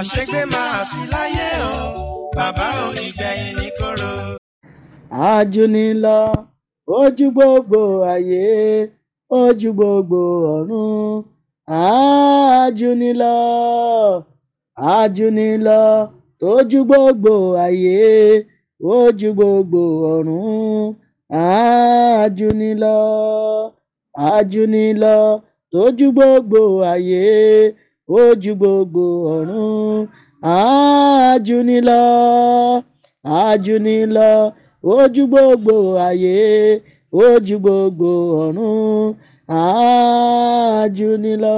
àṣegbé máa sí láyé o bàbá o ìgbẹ̀yìn ní kóró. àjùnilọ ojú gbogbo ayé ojú gbogbo ọ̀run àjùnilọ àjùnilọ tójú gbogbo ayé ojú gbogbo ọ̀run àjùnilọ àjùnilọ tójú gbogbo ayé ó ju gbogbo ọ̀run àjùnilọ àjùnilọ ó ju gbogbo ayé ó ju gbogbo ọ̀run àjùnilọ.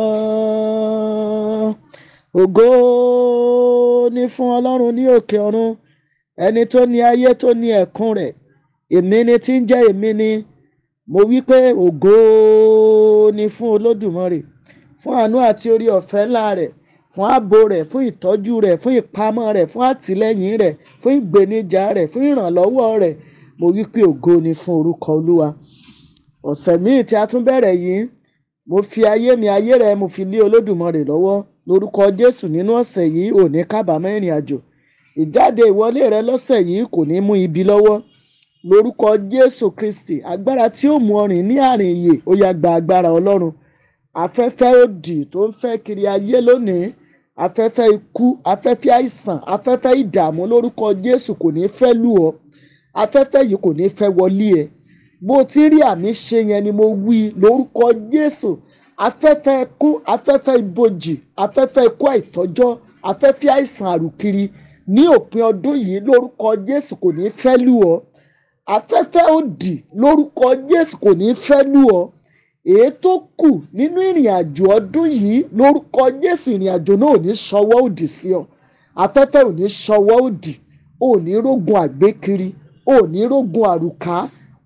ògo ni fún ọlọ́run ní òkè ọ̀run ẹni tó ní ayé tó ní ẹ̀kún rẹ̀ èmi ni tí ń jẹ́ èmi ni mo wí pé ògo ni fún olódùmarè fún àánú àti orí ọ̀fẹ́ ńlá rẹ̀ fún ààbò rẹ̀ fún ìtọ́jú rẹ̀ fún ìpamọ́ rẹ̀ fún àtìlẹ́yìn rẹ̀ fún ìgbènijà rẹ̀ fún ìrànlọ́wọ́ rẹ̀ mo wí pé ògo ni fún orúkọ olúwa ọ̀sẹ̀ míì tí a tún bẹ̀rẹ̀ yìí mo fi ayé mi ayé rẹ mo fi lé olódùmarè lọ́wọ́ lórúkọ jésù nínú ọ̀sẹ̀ yìí ò ní kábàámọ̀ ìrìn àjò ìjáde ìwọlé rẹ lọ́sẹ̀ yìí kò ní mú ibi lọ́wọ́ lórúkọ jésù kristi agbára tí ó mú ọrìn ní àrìn ìyè ó yá gba agbára ọlọ́run afẹ́fẹ́ òdì tó ń fẹ́ kiri ayé lónìí afẹ́fẹ́ ikú afẹ́fẹ́ àìsàn afẹ́fẹ́ ìdààmú lórúkọ Jésù kò ní fẹ́ lù ọ́ afẹ́fẹ́ yìí kò ní fẹ́ wọlé ẹ bó o ti rí àmì ṣe yẹn ni mo wí lórúkọ Jésù afẹ́fẹ́ ikú afẹ́fẹ́ ibojì afẹ́fẹ́ ikú àìtọ́jọ́ afẹ́fẹ́ àìsàn àrùkiri ní òpin ọdún yìí lórúkọ Jésù kò ní fẹ́ lù ọ́ afẹ́fẹ́ òdì lórúkọ Jésù kò ní fẹ́ lù ọ́ èyí tó kù nínú ìrìn àjò ọdún yìí lórúkọ Jésù ìrìn àjò náà ò ní ṣọwọ́ òdì sí ọ afẹ́fẹ́ ò ní ṣọwọ́ òdì ò ní rógun àgbékiri ò ní rógun àrùká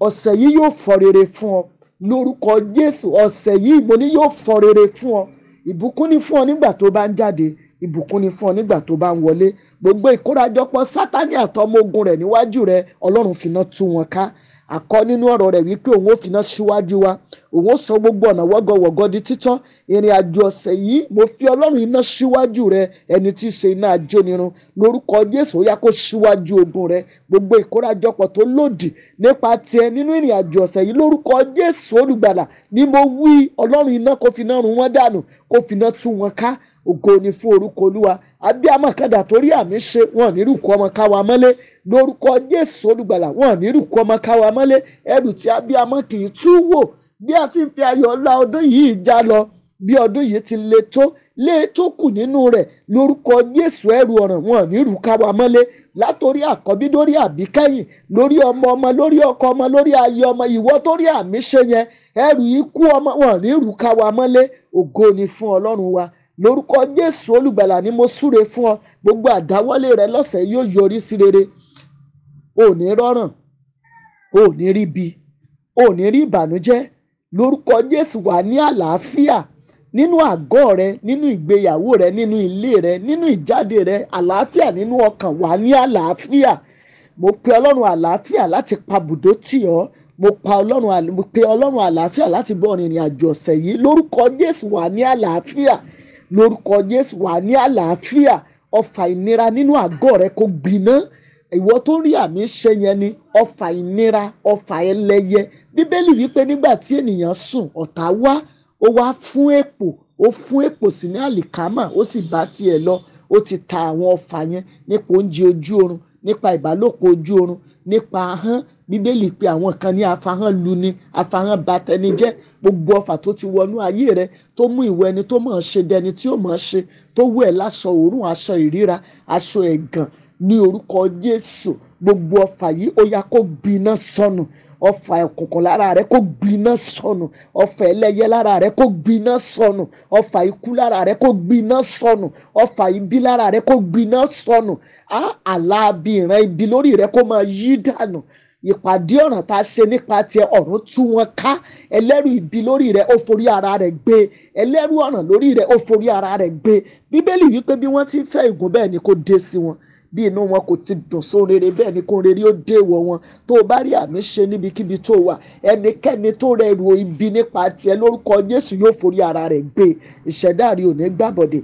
ọ̀sẹ̀ yìí yóò fọ rere fún ọ lórúkọ Jésù ọ̀sẹ̀ yìí mo ní yóò fọ rere fún ọ ìbùkún ni fún ọ nígbà tó bá ń jáde ìbùkún ni fún ọ nígbà tó bá ń wọlé gbogbo ìkórajọpọ̀ sátani àtọmọ ogun rẹ̀ níwájú rẹ̀ Ọlọ́run finá tú wọn ká àkọ nínú ọ̀rọ̀ rẹ̀ wípé òun ó finá síwájú wa òun ó sọ gbogbo ọ̀nà wọ́gọ̀wọ̀gọ̀ di títán ìrìn àjò ọ̀sẹ̀ yìí mo fi ọlọ́run iná síwájú rẹ ẹni tí í ṣe iná ajónirun lórúkọ jésù ó yá kó síwájú ogun rẹ gbogbo ìkórajọpọ̀ tó lòdì nípa tiẹ̀ nínú ìrìn àjò ọ̀sẹ̀ yìí lórúkọ jésù olùgbàlà ni mo wí ọlọ́run iná kó finá run wọ́n dànù kó finá tú wọn ká ògo ni fún orúkọ olúwa abíámọ̀ kàdà torí àmì ṣe wọn ní rúkọ ọmọ káwa mọ́lé lórúkọ jésù olùgbàlà wọn ní rúkọ ọmọ káwa mọ́lé ẹrù tí abíámọ̀ kì í tú wò bí a ti ń fi ayọ̀ ńlá ọdún yìí já lọ bí ọdún yìí ti le tó lé tó kù nínú rẹ̀ lórúkọ Jésù ẹrù ọ̀ràn wọn nírú káwa mọ́lé látòrí àkọ́bí lórí àbíkẹ́yìn lórí ọmọ ọmọ lórí ọkọ ọmọ lórí ayé ọmọ ìwọ torí àmì ṣe yẹn ẹrù ikú ọmọ wọn nírú káwa mọ́lé ògo ni fún Ọlọ́run wa lórúkọ Jésù olùgbàlà ni mo súre fún ọ gbogbo àdáwọ́lé rẹ lọ́sẹ̀ yóò yọrí sí rere ò ní rọ́ràn ò ní rí bi ò ní rí ìbànújẹ́ lórúkọ Jésù wà ní àlàáfíà nínú àgọ́ rẹ nínú ìgbéyàwó rẹ nínú ilé rẹ nínú ìjáde rẹ àlàáfíà nínú ọkàn wà ní àlàáfíà mo pe ọlọ́run àlàáfíà láti pa bùdó tì ọ́ mo pe ọlọ́run àlàáfíà láti bọ́ ìrìn àjò ọ̀sẹ̀ yìí lórúkọ Jésù wà ní àlàáfíà lórúkọ Jésù wà ní àlàáfíà ọfà ìnira nínú àgọ́ rẹ kò gbiná ìwọ tó rí àmì ṣe yẹn ni ọfà ìnira ọfà ẹlẹ́yẹ bíbélì wípé nígbà tí ènìyàn sùn ọ̀tá wá ó wá fún èpò ó fún èpò sí ní àlìkámà ó sì bá tiẹ̀ lọ ó ti ta àwọn ọfà yẹn nípa oúnjẹ ojú oorun nípa ìbálòpọ̀ ojú oorun nípa ahọ́n bíbélì pé àwọn kan ní afahàn lu ni afahàn ba tẹni jẹ́ gbogbo ọfà tó ti wọnú ayé rẹ tó mú ìwọ ẹni tó mọ̀ ṣe dẹni tí ó mọ̀ ṣe tó wú ẹ̀ láṣọ òórùn aṣọ ìríra aṣọ ẹ̀gàn ní orúkọ Jésù gbogbo ọfà yìí ó yá kó gbiná sọnù ọfà ẹ̀kùnkùn lára rẹ kó gbiná sọnù ọfà ẹlẹ́yẹ lára rẹ kó gbiná sọnù ọfà ikú lára rẹ kó gbiná sọnù ọfà ibi lára rẹ kó gbiná sọnù á àlàbí ìran ibi lórí rẹ kó máa yí dànù ìpàdé ọ̀ràn tá a ṣe nípa tiẹ̀ ọ̀run tú wọn ká ẹlẹ́rù ibi lórí rẹ̀ ó forí ara rẹ̀ gbé ẹlẹ́rù ọ̀ràn lórí rẹ̀ ó forí ara rẹ̀ gbé bíbélì wípé bí wọ́n ti fẹ́ ìgún ni kò dé sí wọn bí inú wọn kò ti dùn sóhun rere bẹ́ẹ̀ ni kó rere ó dé ìwọ̀ wọn tó o bá rí àmì ṣe níbikíbi tó wà ẹnikẹ́ni tó rẹ èrò ibi nípa tiẹ̀ lórúkọ Jésù yóò forí ara rẹ̀ gbé ìṣẹ̀dá rí òní gbàbọ̀dẹ̀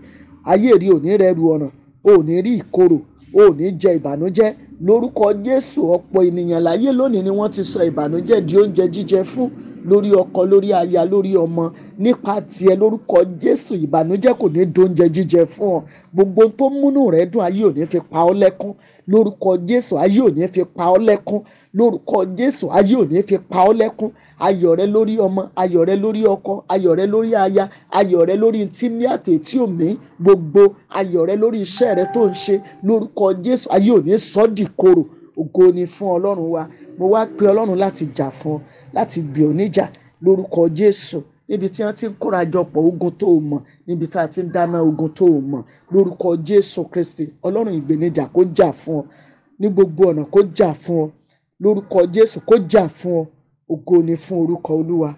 ayé rí òní rẹ ru ọ̀ràn òní rí ìkorò òní jẹ ìbànújẹ́ lórúkọ Jésù ọ̀pọ̀ ènìyàn láyé lónìí ni wọ́n ti sọ ìbànújẹ́ di oúnjẹ jíjẹ fún lórí ọkọ lórí aya lórí ọmọ nípa tiẹ̀ lórúkọ Jésù ìbànújẹ́ kò ní dóúnjẹ jíjẹ fún ọ gbogbo tó múnú rẹ dùn ayé ò ní fi pa ọ́ lẹ́kún lórúkọ Jésù ayé ò ní fi pa ọ́ lẹ́kún lórúkọ Jésù ayé ò ní fi pa ọ́ lẹ́kún ayọ̀ rẹ lórí ọmọ ayọ̀ rẹ lórí ọkọ ayọ̀ rẹ lórí aya ayọ̀ rẹ lórí tí ní àtẹ̀tí òmí gbogbo ayọ̀ rẹ lórí iṣẹ́ rẹ tó ń ṣe lórúkọ Jésù ayé ò ní sọ́ dìkorò ògo ni fún ọlọ́run wa mo wá pe ọlọ́run láti jà fún ọ láti gbè ọ níjà lórúkọ jésù níbi tí wọ́n ti ń kórajọpọ̀ ogun tó o mọ̀ níbi tá a ti ń dáná ogun tó o mọ̀ lórúkọ jésù kristi ọlọ́run ìgbéníjà kó jà fún ọ ní gbogbo ọ̀nà kó jà fún ọ lórúkọ jésù kó jà fún ọ ògo ni fún orúkọ olúwa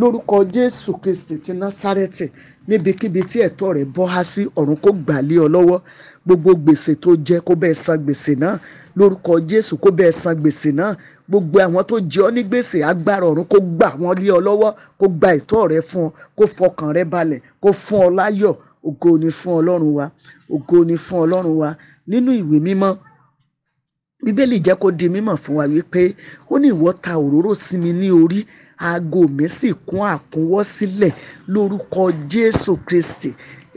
lórúkọ jésù kristi ti násárẹ́tì níbikíbi tí ẹ̀tọ́ rẹ̀ bọ́ há sí ọ̀run kó gbà lé ọ lọ́wọ́ gbogbo gbèsè tó jẹ kó bẹ́ẹ̀ san gbèsè náà lórúkọ jésù kó bẹ́ẹ̀ san gbèsè náà gbogbo àwọn tó jẹ ọ́ ní gbèsè agbára ọ̀run kó gbà wọ́n lé ọ lọ́wọ́ kó gba ẹ̀tọ́ rẹ̀ fún ọ kó fọkàn rẹ̀ balẹ̀ kó fún ọ láyọ̀ ògo ni fún ọlọ́run wa ògo ni fún ọlọ́run wa nínú ìwé mímọ́ bíbélì jẹ́ kó di mímọ̀ fún wa wípé ó ní ìwọ ta òróró sí mi ní orí aago mi sì kún àkúnwọ́ sílẹ̀ lórúkọ jésù kristi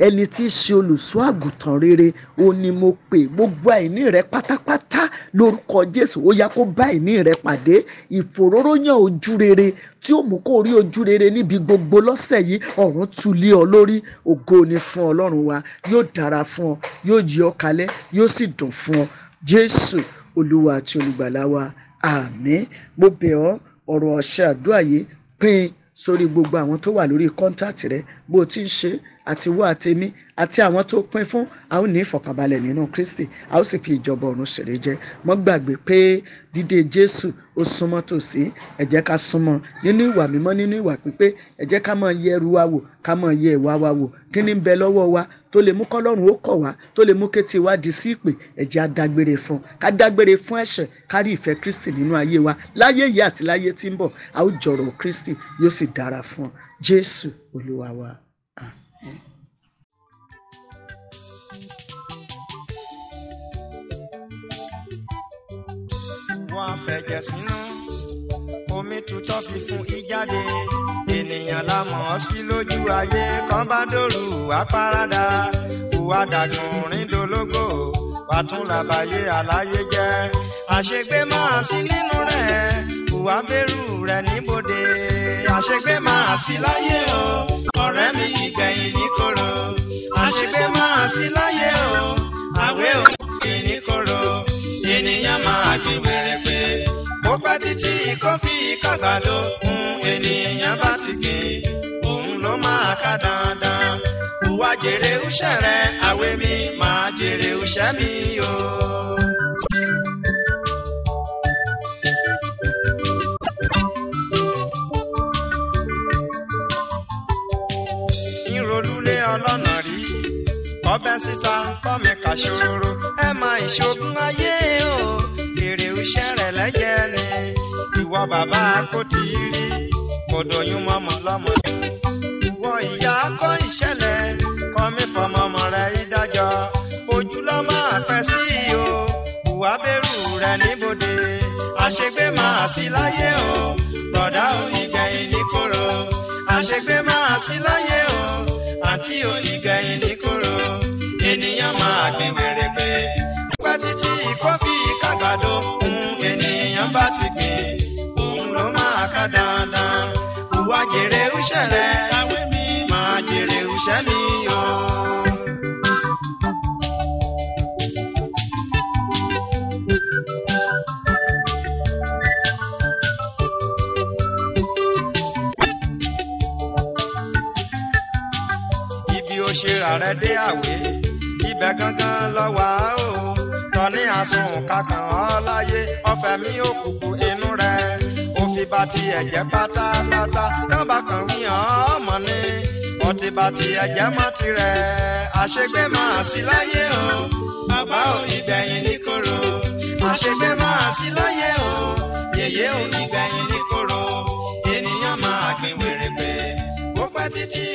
ẹni tí í ṣe olùṣọ́ àgùntàn rere ó ní mo pè gbogbo àìní rẹ pátápátá lórúkọ jésù ó yá kó bá àìní rẹ pàdé ìfòróróyàn ojú rere tí ó mú kó rí ojú rere níbi gbogbo lọ́sẹ̀ yìí ọ̀run tulẹ̀ ọ lórí ògo ni fún ọlọ́run wa yóò dára fún ọ yóò yí ọ kalẹ̀ yóò sì dùn fún ọ Jésù Olúwa àti Olùgbàlà wa. Àmín. Mo bẹ̀ ọ́ ọ̀rọ̀ ọ̀sẹ̀ àdúrà yìí pín sórí gbogbo àwọn tó wà lórí kọ́ńtàtì rẹ bó o ti ń ṣe àti wọ́ àtẹ̀mí àti àwọn tó pín fún a ó ní ìfọ̀kànbalẹ̀ nínú Kristi a ó sì fi ìjọba ọ̀run ṣèrè jẹ mọ́ gbàgbé pé dídé Jésù ó súnmọ́ tòsí ẹ ká súnmọ́ nínú ìwà mímọ́ nínú ìwà pípé ẹ ká máa yẹ ẹrù wa wò ká máa yẹ ìwà wa wò kí ni ń bẹ lọ́wọ́ wa tó lè mú kọ́lọ́run ó kọ̀ wá tó lè mú kété wa di sí ìpè ẹ adágbére fún ká fún ẹ̀ṣẹ̀ kárí ìfẹ́ Kristi nínú ayé wa láyé yìí àti láyé tí ń bọ̀ a ó jọ̀rọ̀ Kristi yóò sì dára fún ọ Jésù Olúwa wa. wọ́n fẹ̀jẹ̀ sínú omi tutọ́ fífún èèyàn la mọ̀ ọ́ sí lójú ayé kan bá dòrú wá parada ìwà dàgùn ríndológo wà tún làbàyè àlàyé jẹ́ àṣegbé máa sí nínú rẹ̀ ìwà bẹ̀rù rẹ̀ níbodè àṣegbé máa sí láyé o ọ̀rẹ́ mi ìgbẹ̀yìn ní koro àṣegbé máa sí láyé o àwẹ̀ ò ní koro ènìyàn máa gbé wèrè pé mo pẹ́ títí kó fi kàgbà lọ. jèrè iṣẹ́ rẹ àwẹ̀ mi máa jèrè iṣẹ́ mi o. ìròlúlé ọlọ́nà rí ọbẹ̀ sísá tọ́mi kà ṣòro ẹ máa ìṣògùn ayé o èrè iṣẹ́ rẹ̀ lẹ́jẹ̀ ni ìwọ bàbá kò tí ì rí kò dọ̀yún mọ́mọ́ lọ́mọ ìwọ ìyá kọ́ ìṣẹ̀lẹ̀. àṣegbé máa sí láyé o bọ̀dá o ìgbẹ̀yìn ní kóró àṣegbé máa sí láyé o àǹtí o ìgbẹ̀yìn ní kóró ènìyàn máa gbìn wèrèpè pẹ́ títí kọ́fì kágbàdo ohun ènìyàn bá ti gbìn òun ló máa ká dandan ìwà jèrè òṣèlè máa jèrè òṣèlè. ní òkùnkùn inú rẹ̀ ó fi bá tiẹ̀ jẹ́ pátápátá kábà kan wí hàn mọ́ ni ọtí bá tiẹ̀ jẹ́ mọ́ tirẹ̀ àṣegbé máa sí láyé o bàbá ò ìgbẹ̀yìn ní koro àṣegbé máa sí láyé o yèyé ò ìgbẹ̀yìn ní koro ènìyàn máa gbìn wèrèpè ó pẹ́ títí